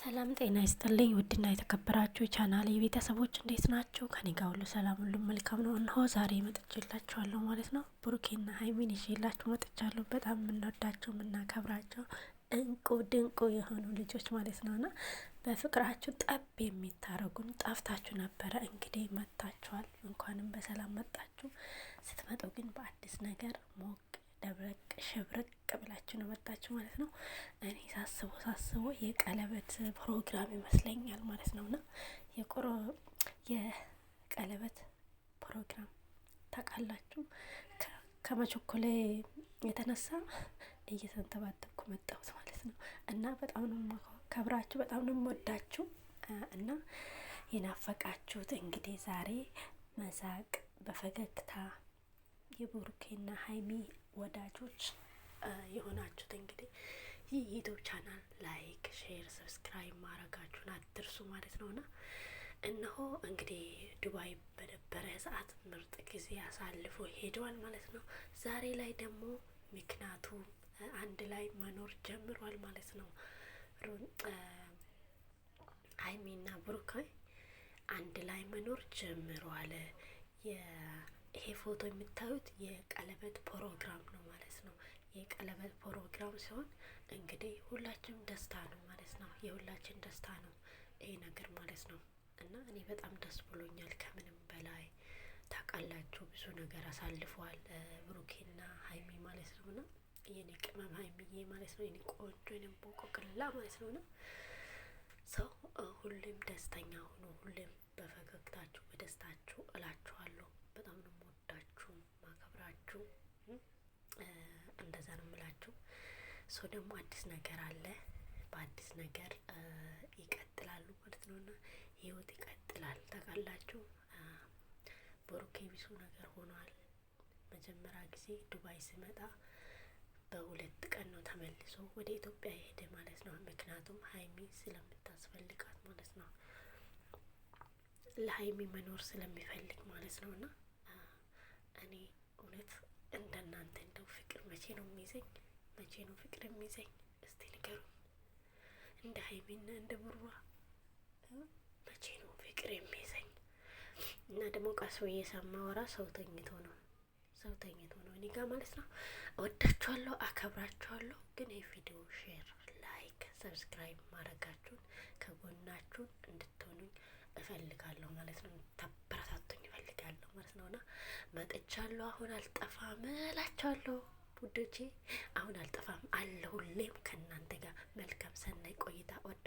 ሰላም ጤና ይስጥልኝ። ውድና የተከበራችሁ ቻናል የቤተሰቦች እንዴት ናቸው? ከኔ ጋር ሁሉ ሰላም፣ ሁሉም መልካም ነው። እንሆ ዛሬ መጥቼላችኋለሁ ማለት ነው። ብሩኬና ሀይሚን ይዤላችሁ መጥቻለሁ። በጣም የምንወዳቸው የምናከብራቸው እንቁ ድንቁ የሆኑ ልጆች ማለት ነውና በፍቅራችሁ ጠብ የሚታረጉን ጠፍታችሁ ነበረ። እንግዲህ መጥታችኋል። እንኳንም በሰላም መጣችሁ። ስትመጡ ግን በአዲስ ነገር ሞቅ ደብረቅ ሸብረቅ ብላችሁ ነው መጣችሁ ማለት ነው። እኔ ሳስቦ ሳስቦ የቀለበት ፕሮግራም ይመስለኛል ማለት ነው። እና የቆሮ የቀለበት ፕሮግራም ታውቃላችሁ። ከመቸኮሌ የተነሳ እየተንተባተብኩ መጣሁት ማለት ነው። እና በጣም ነው ከብራችሁ፣ በጣም ነው የምወዳችሁ እና የናፈቃችሁት እንግዲህ ዛሬ መሳቅ በፈገግታ የብሩኬና ሀይሚ ወዳጆች የሆናችሁት እንግዲህ ይህ ዩቱብ ቻናል ላይክ፣ ሼር፣ ሰብስክራይብ ማድረጋችሁን አትርሱ ማለት ነው ና እነሆ እንግዲህ ዱባይ በነበረ ሰዓት ምርጥ ጊዜ አሳልፎ ሄደዋል ማለት ነው። ዛሬ ላይ ደግሞ ምክንያቱ አንድ ላይ መኖር ጀምሯል ማለት ነው። ሀይሚና ብሩኬ አንድ ላይ መኖር ጀምሯል። ይሄ ፎቶ የምታዩት የቀለበት ፕሮግራም ነው ማለት ነው። የቀለበት ፕሮግራም ሲሆን እንግዲህ ሁላችንም ደስታ ነው ማለት ነው። የሁላችን ደስታ ነው ይሄ ነገር ማለት ነው። እና እኔ በጣም ደስ ብሎኛል ከምንም በላይ ታውቃላችሁ፣ ብዙ ነገር አሳልፈዋል ብሩኬና ሀይሚ ማለት ነው። እና የኔ ቅመም ሀይሚዬ ማለት ነው። የኔ ቆንጆ የኔ ቆቅላ ማለት ነው። እና ሰው ሁሌም ደስተኛ ሆኖ ሁሌም ናችሁ። እንደዛ ነው የምላችሁ። ሶ ደግሞ አዲስ ነገር አለ በአዲስ ነገር ይቀጥላሉ ማለት ነው። እና ህይወት ይቀጥላል። ታውቃላችሁ ቦሮኬ ቢሱ ነገር ሆኗል። መጀመሪያ ጊዜ ዱባይ ስመጣ በሁለት ቀን ነው ተመልሶ ወደ ኢትዮጵያ የሄደ ማለት ነው። ምክንያቱም ሀይሚ ስለምታስፈልጋት ማለት ነው። ለሀይሚ መኖር ስለሚፈልግ ማለት ነው። እና እኔ እውነት መቼ ነው የሚይዘኝ? መቼ ነው ፍቅር የሚይዘኝ? እስቲ ንገሩኝ። እንደ ሀይሚና እንደ ሙሯ መቼ ነው ፍቅር የሚይዘኝ? እና ደግሞ ቀስ የሰማ ወራ ሰው ተኝቶ ነው ሰው ተኝቶ ነው እኔ ጋር ማለት ነው። እወዳችኋለሁ፣ አከብራችኋለሁ። ግን ይህ ቪዲዮ ሼር፣ ላይክ፣ ሰብስክራይብ ማድረጋችሁን ከጎናችሁን እንድትሆኑኝ እፈልጋለሁ ማለት ነው። ታበረታቱኝ እፈልጋለሁ ማለት ነው። እና መጥቻለሁ፣ አሁን አልጠፋም እላችኋለሁ። ውዶቼ አሁን አልጠፋም አለ ሁሌም ከእናንተ ጋር መልካም ሰናይ ቆይታ ወዳ